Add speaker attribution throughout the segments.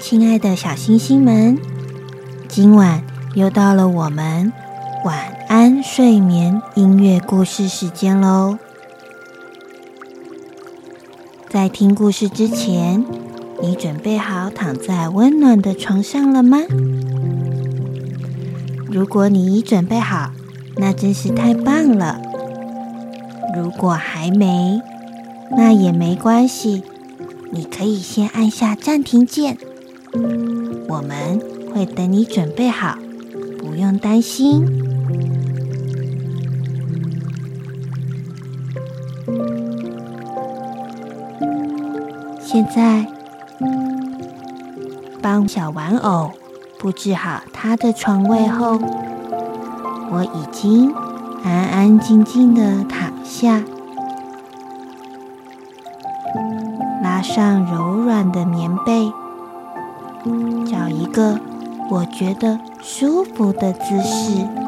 Speaker 1: 親愛的小星星們，今晚又到了我們晚安睡眠音樂故事時間嘍。在聽故事之前。你準備好躺在溫暖的床上了嗎？如果你已準備好，那真是太棒了。如果還沒，那也沒關係，你可以先按下暫停鍵。我們會等你準備好，不用擔心。現在。幫小玩偶布置好他的床位後，我已經安安靜靜地躺下，拉上柔軟的棉被，找一個我覺得舒服的姿勢。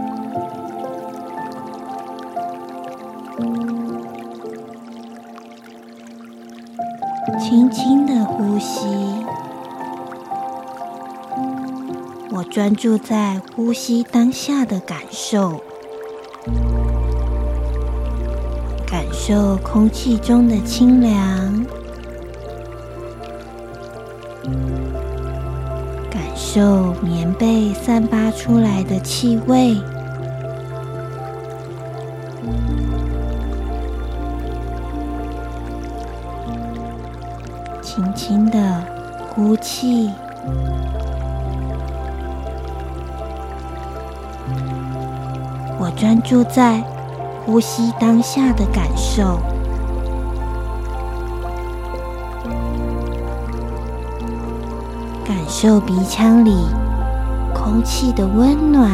Speaker 1: 專注在呼吸當下的感受，感受空氣中的清涼，感受棉被散發出來的氣味，輕輕的呼氣。住在呼吸當下的感受，感受鼻腔裡空氣的溫暖，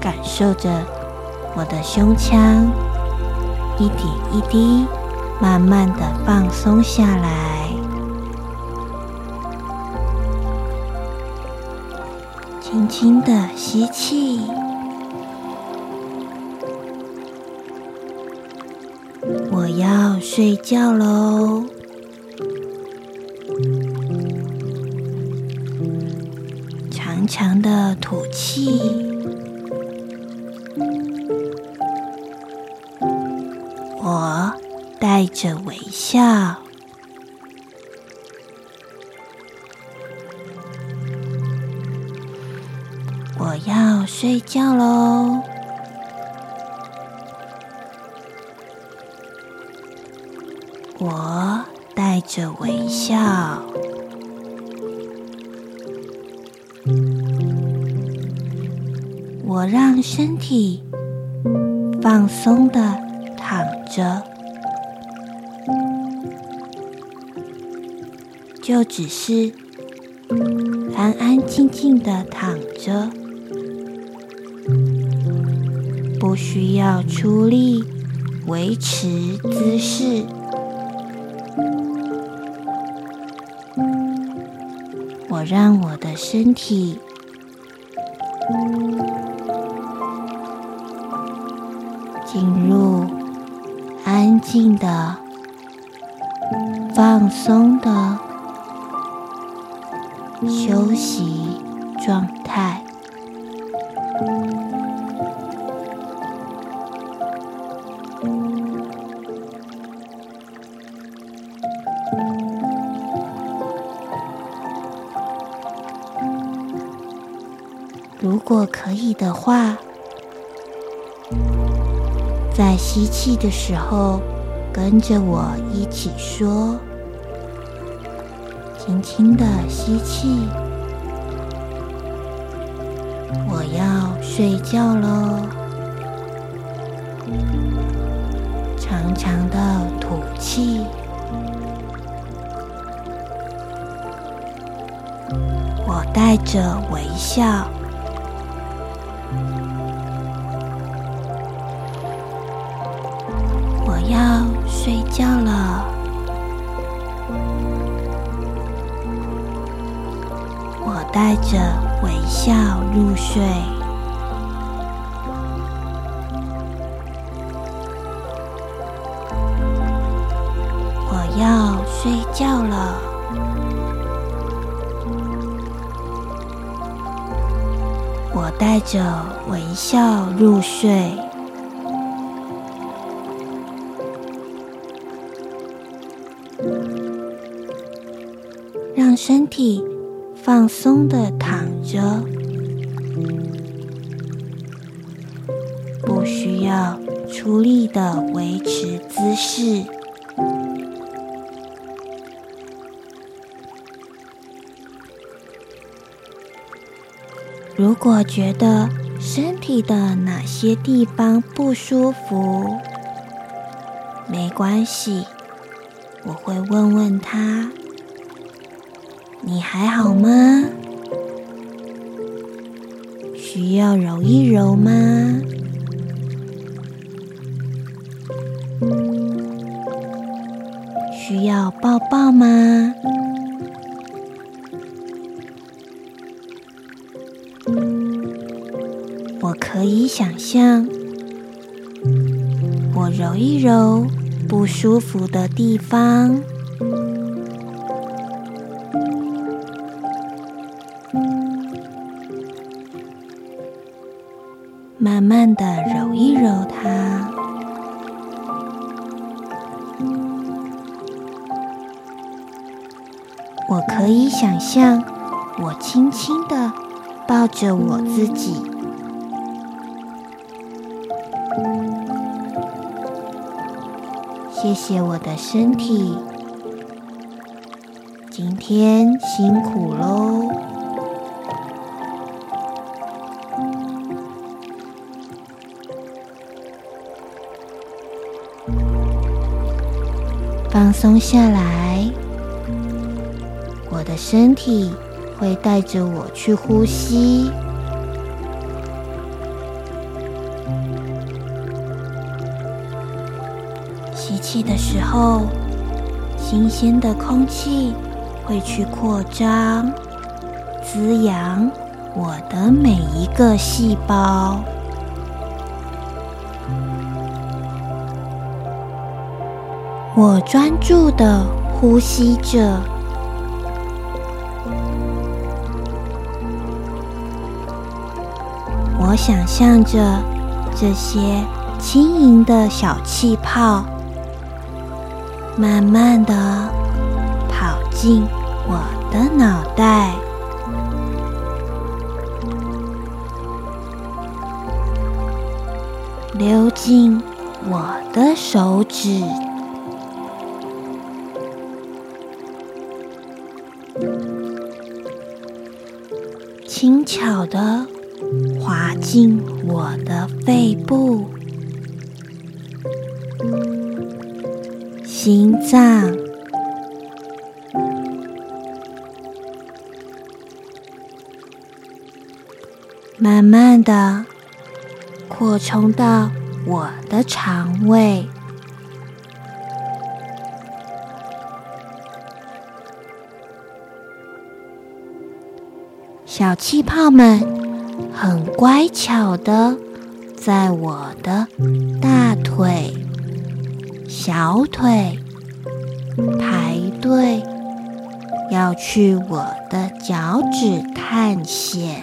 Speaker 1: 感受着我的胸腔一點一滴慢慢的放鬆下來。輕的吸氣，我要睡覺嘍。長長的吐氣，我帶着微笑。我帶着微笑，我讓身體放鬆的躺着，就只是安安靜靜的躺着，不需要出力維持姿勢。讓我的身體進入安靜的、放鬆的休息狀態。如果可以的話，在吸氣的時候，跟着我一起說：“輕輕的吸氣，我要睡覺咯。”長長的吐氣，我帶着微笑。睡，我要睡覺了。我帶着微笑入睡，讓身體放鬆地躺着。出力的維持姿勢。如果覺得身體的哪些地方不舒服，沒關係，我會問問他，你還好嗎？需要揉一揉嗎？抱抱嗎？我可以想象，我揉一揉不舒服的地方。我自己。謝謝我的身體，今天辛苦嘍，放鬆下來，我的身體。會帶着我去呼吸。吸氣的時候，新鮮的空氣會去擴張、滋養我的每一個細胞。我專注的呼吸着。我想象着這些輕盈的小氣泡，慢慢的跑進我的腦袋，流進我的手指，輕巧的。進我的肺部、心臟，慢慢的擴充到我的腸胃，小氣泡們。很乖巧的，在我的大腿、小腿排隊，要去我的腳趾探險。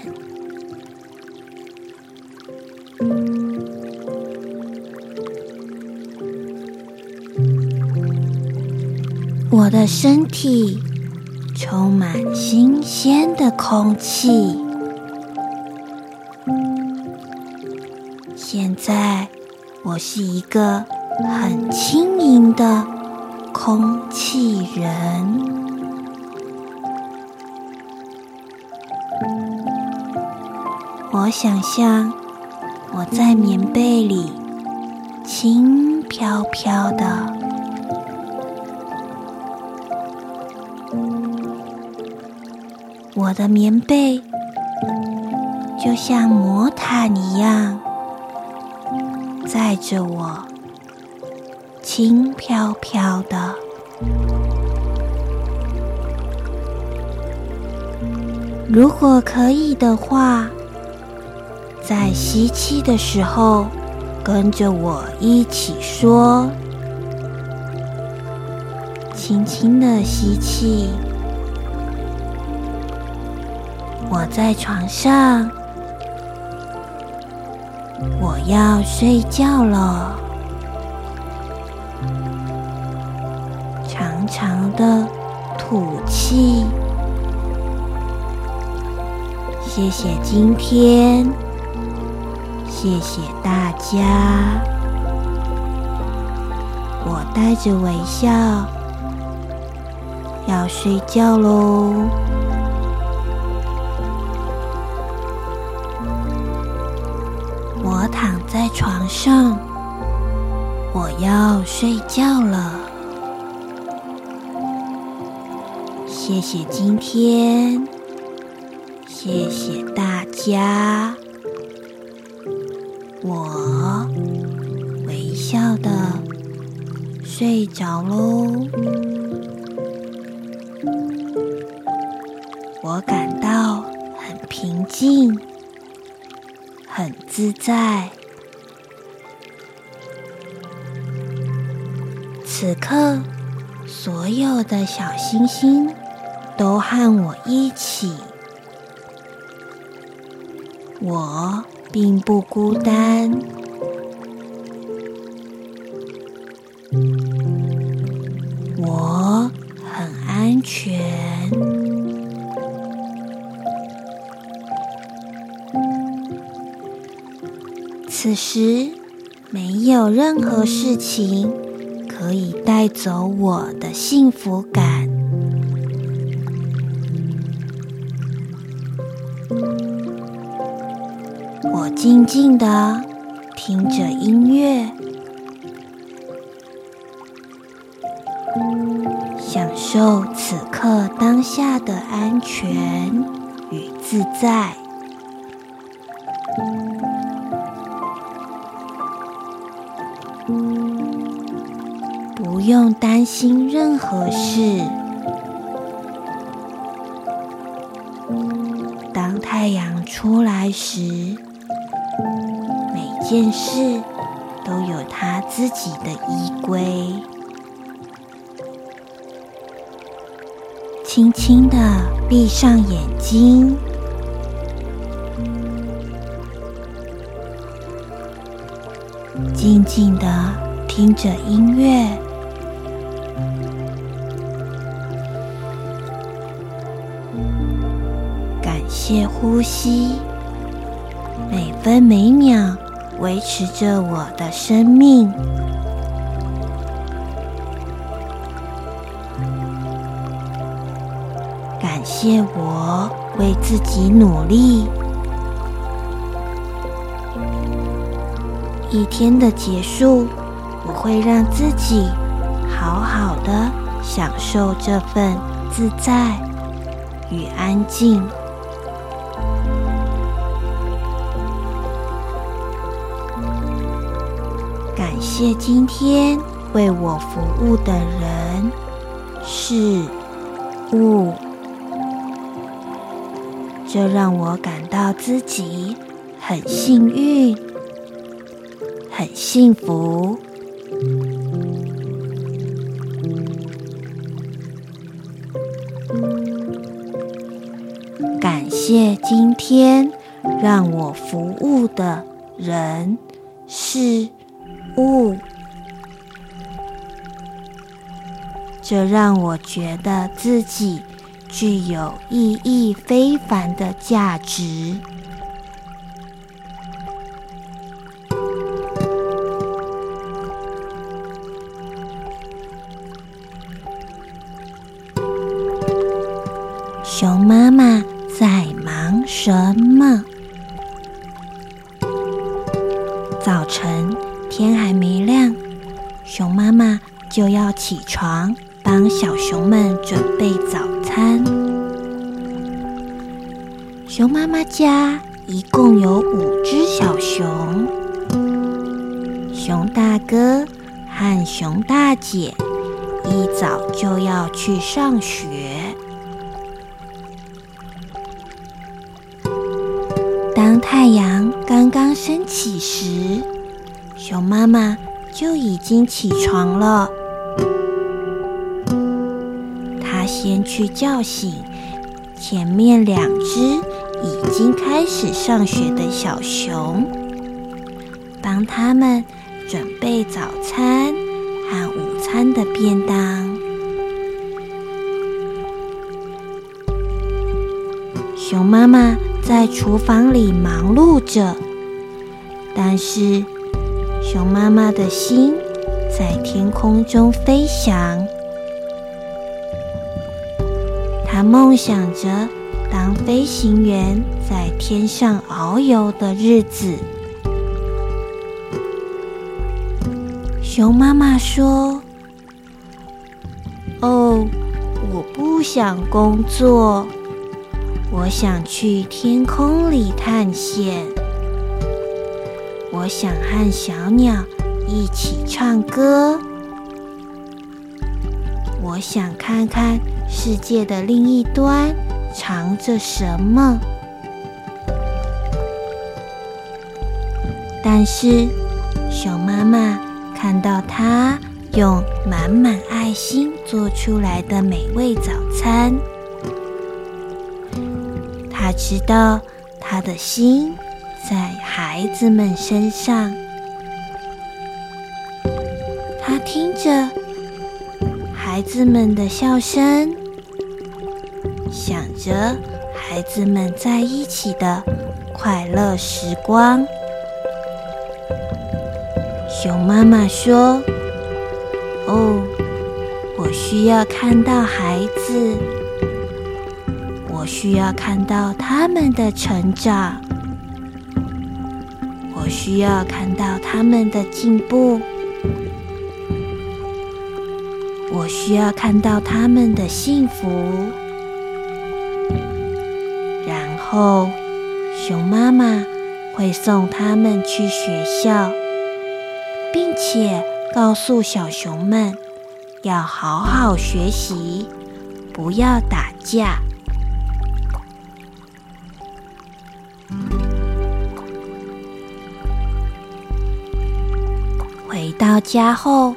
Speaker 1: 我的身體充滿新鮮的空氣。現在，我是一個很輕盈的空氣人。我想象我在棉被裡輕飄飄的，我的棉被就像魔毯一樣。帶着我，輕飄飄的。如果可以的話，在吸氣的時候，跟着我一起說：“輕輕的吸氣。”我在床上。要睡覺了，長長的吐氣。謝謝今天，謝謝大家。我帶着微笑，要睡覺嘍。上，我要睡覺了。謝謝今天，謝謝大家。我微笑的睡着嘍。我感到很平靜，很自在。此刻，所有的小星星都和我一起，我並不孤單，我很安全。此時，沒有任何事情。可以帶走我的幸福感。我靜靜地聽着音樂，享受此刻當下的安全與自在。心任何事，當太陽出來時，每件事都有它自己的依歸。輕輕的閉上眼睛，靜靜的聽着音樂。呼吸，每分每秒維持着我的生命。感謝我為自己努力。一天的結束，我會讓自己好好的享受這份自在與安靜。感謝今天為我服務的人事物，這讓我感到自己很幸運、很幸福。感謝今天讓我服務的人事物。哦，這讓我覺得自己具有意義非凡的價值。熊媽媽在忙什麼？就要起床幫小熊們準備早餐。熊媽媽家一共有五隻小熊，熊大哥和熊大姐一早就要去上學。當太陽剛剛升起時，熊媽媽。就已經起床了。他先去叫醒前面兩隻已經開始上學的小熊，幫他們準備早餐和午餐的便當。熊媽媽在廚房裡忙碌着，但是，熊媽媽的心在天空中飛翔，她夢想着當飛行員在天上遨遊的日子。熊媽媽說：“哦，我不想工作，我想去天空裡探險。”我想和小鳥一起唱歌。我想看看世界的另一端藏着什麼。但是熊媽媽看到它用滿滿愛心做出來的美味早餐。它知道它的心。在孩子們身上，他聽着孩子們的笑聲，想着孩子們在一起的快樂時光。熊媽媽說：“哦，我需要看到孩子，我需要看到他們的成長。”我需要看到他們的進步，我需要看到他們的幸福，然後熊媽媽會送他們去學校，並且告訴小熊們要好好學習，不要打架。到家後，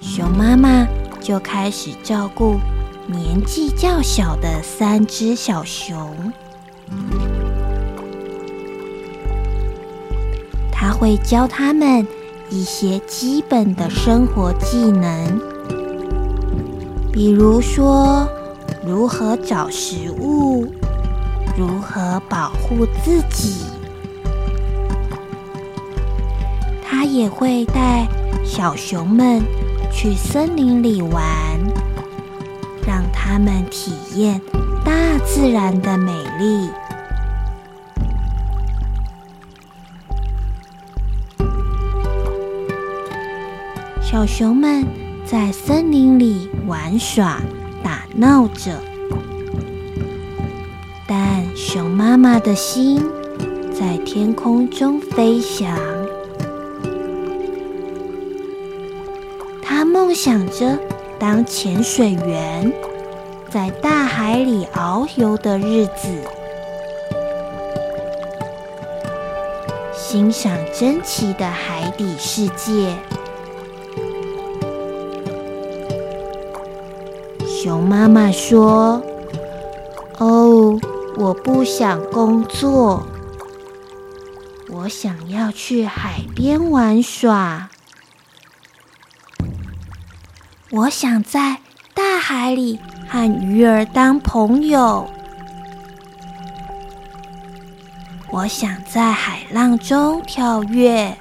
Speaker 1: 熊媽媽就開始照顧年紀較小的三隻小熊。她會教他們一些基本的生活技能，比如說如何找食物，如何保護自己。她也會帶小熊們去森林裡玩，讓他們體驗大自然的美麗。小熊們在森林裡玩耍，打鬧着，但熊媽媽的心在天空中飛翔。想着當潛水員，在大海裡遨遊的日子，欣賞珍奇的海底世界。熊媽媽說：“哦、oh，我不想工作，我想要去海邊玩耍。”我想在大海裡和魚兒當朋友。我想在海浪中跳躍。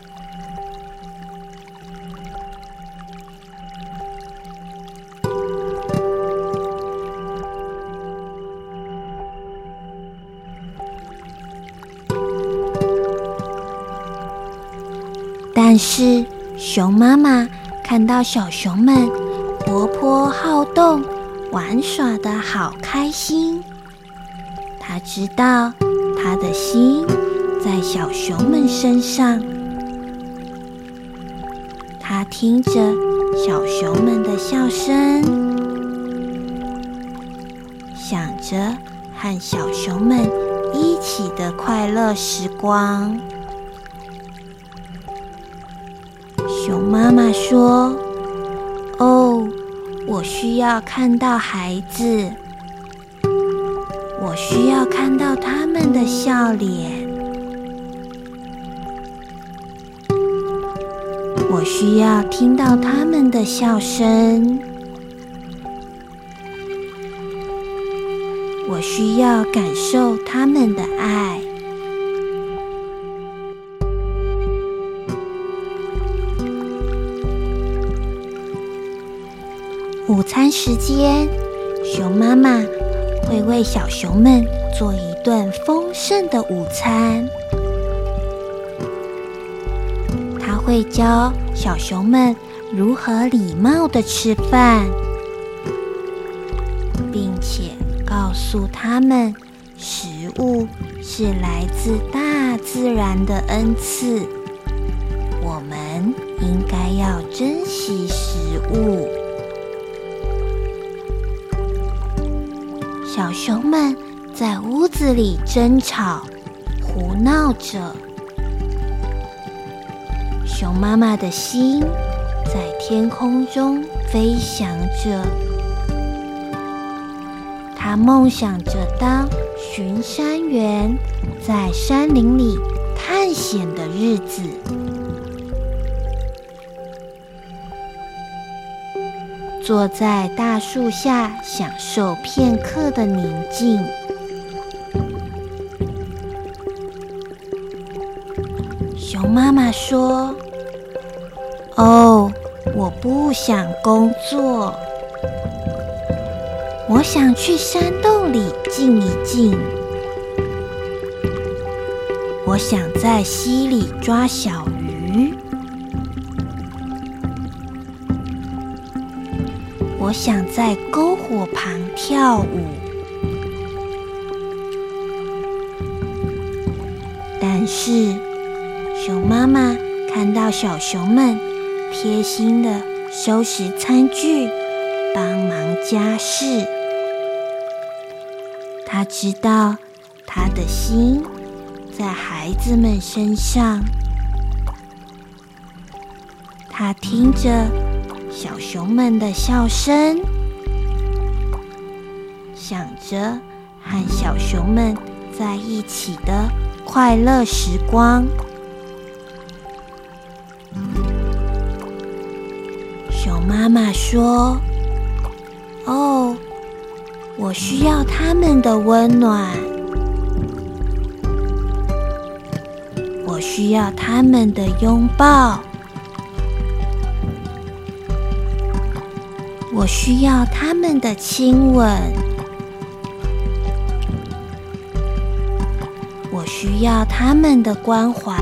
Speaker 1: 但是熊媽媽看到小熊們。活潑好動，玩耍的好開心。他知道他的心在小熊們身上。他聽着小熊們的笑聲，想着和小熊們一起的快樂時光。熊媽媽說。我需要看到孩子，我需要看到他們的笑臉，我需要聽到他們的笑聲，我需要感受他們的愛。午餐時間，熊媽媽會為小熊們做一頓豐盛的午餐。它會教小熊們如何禮貌地吃飯，並且告訴他們，食物是來自大自然的恩賜。我們應該要珍惜食物。小熊們在屋子裡爭吵、胡鬧着，熊媽媽的心在天空中飛翔着，它夢想着當巡山員，在山林裡探險的日子。坐在大樹下，享受片刻的寧靜。熊媽媽說：“哦，我不想工作，我想去山洞裡靜一靜。我想在溪裡抓小魚。”我想在篝火旁跳舞，但是熊媽媽看到小熊們貼心地收拾餐具、幫忙家事，她知道她的心在孩子們身上，她聽着小熊們的笑聲，想着和小熊們在一起的快樂時光。熊媽媽說：“哦，我需要他們的溫暖，我需要他們的擁抱。”我需要他們的親吻，我需要他們的關懷。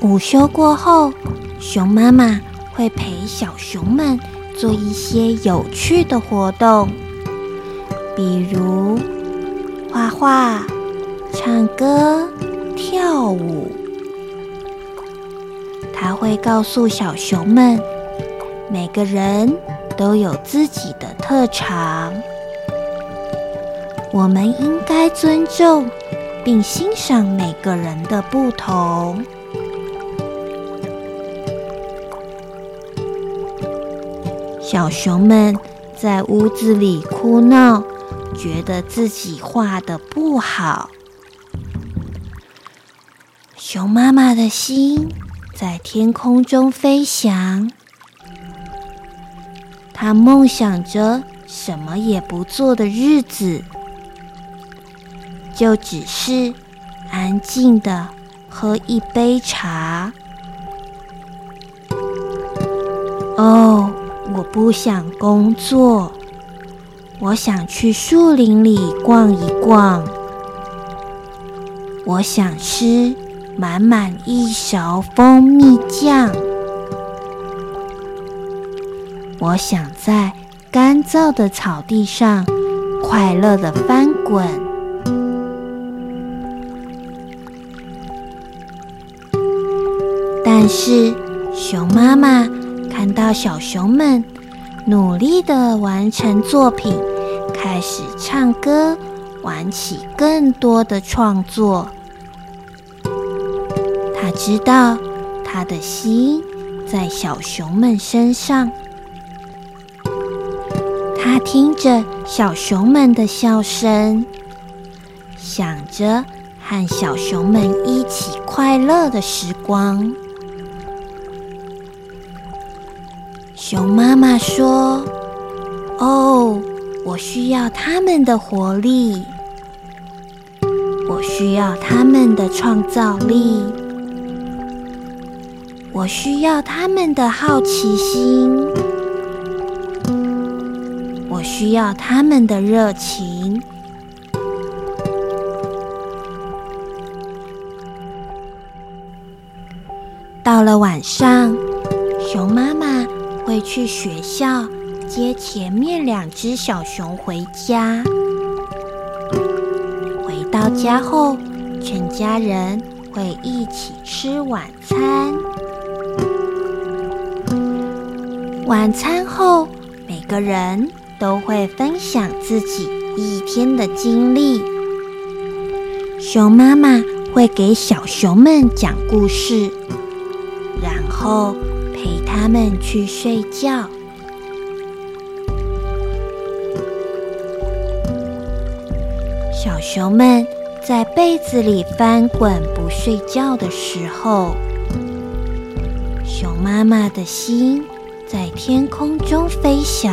Speaker 1: 午休過後，熊媽媽會陪小熊們做一些有趣的活動，比如畫畫。唱歌、跳舞，他會告訴小熊們，每個人都有自己的特長，我們應該尊重並欣賞每個人的不同。小熊們在屋子裡哭鬧，覺得自己畫的不好。熊媽媽的心在天空中飛翔，她夢想着什麼也不做的日子，就只是安靜地喝一杯茶。哦，我不想工作，我想去樹林裡逛一逛，我想吃。滿滿一勺蜂蜜醬。我想在乾燥的草地上快樂的翻滾。但是熊媽媽看到小熊們努力的完成作品，開始唱歌，玩起更多的創作。他知道他的心在小熊們身上，他聽着小熊們的笑聲，想着和小熊們一起快樂的時光。熊媽媽說：“哦，我需要他們的活力，我需要他們的創造力。”我需要他們的好奇心，我需要他們的熱情。到了晚上，熊媽媽會去學校接前面兩隻小熊回家。回到家後，全家人會一起吃晚餐。晚餐後，每個人都會分享自己一天的經歷。熊媽媽會給小熊們講故事，然後陪他們去睡覺。小熊們在被子裡翻滾不睡覺的時候，熊媽媽的心。在天空中飛翔，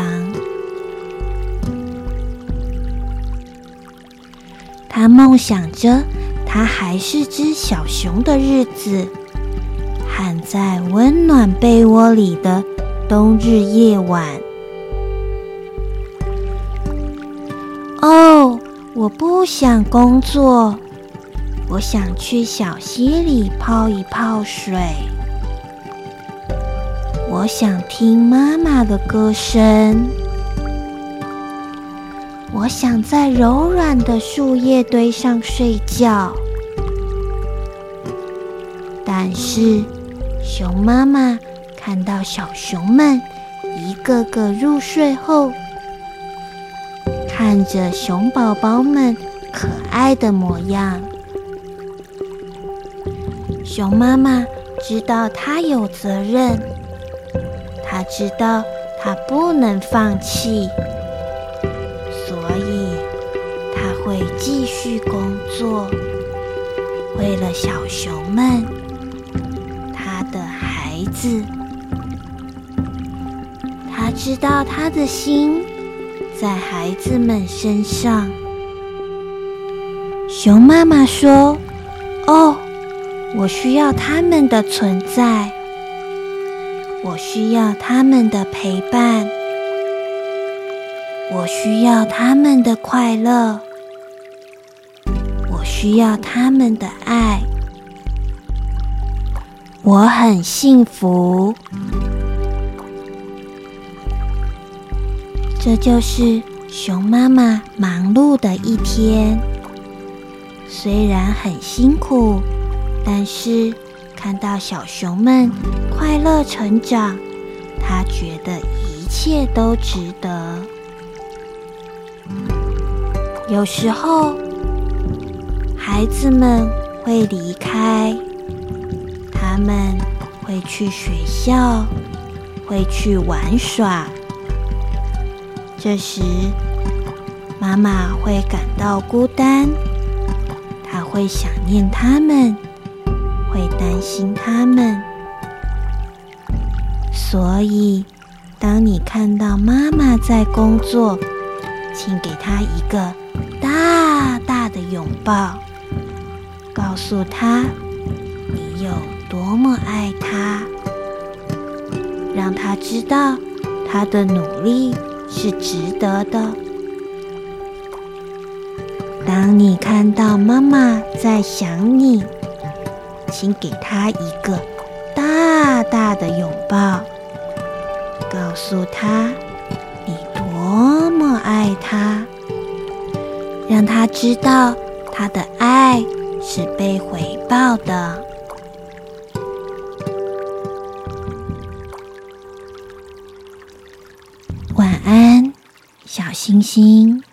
Speaker 1: 他夢想着他還是隻小熊的日子，含在溫暖被窩裡的冬日夜晚。哦，oh，我不想工作，我想去小溪裡泡一泡水。我想聽媽媽的歌聲。我想在柔軟的樹葉堆上睡覺。但是，熊媽媽看到小熊們一個個入睡後，看着熊寶寶們可愛的模樣，熊媽媽知道她有責任。知道他不能放棄，所以他會繼續工作，為了小熊們，他的孩子。他知道他的心在孩子們身上。熊媽媽說：“哦，我需要他們的存在。”我需要他們的陪伴，我需要他們的快樂，我需要他們的愛，我很幸福。這就是熊媽媽忙碌的一天，雖然很辛苦，但是。看到小熊們快樂成長，他覺得一切都值得。有時候，孩子們會離開，他們會去學校，會去玩耍。這時，媽媽會感到孤單，她會想念他們。會擔心他們，所以當你看到媽媽在工作，請給她一個大大的擁抱，告訴她你有多麼愛她，讓她知道她的努力是值得的。當你看到媽媽在想你。請給他一個大大的擁抱，告訴他你多麼愛他，讓他知道他的愛是被回報的。晚安，小星星。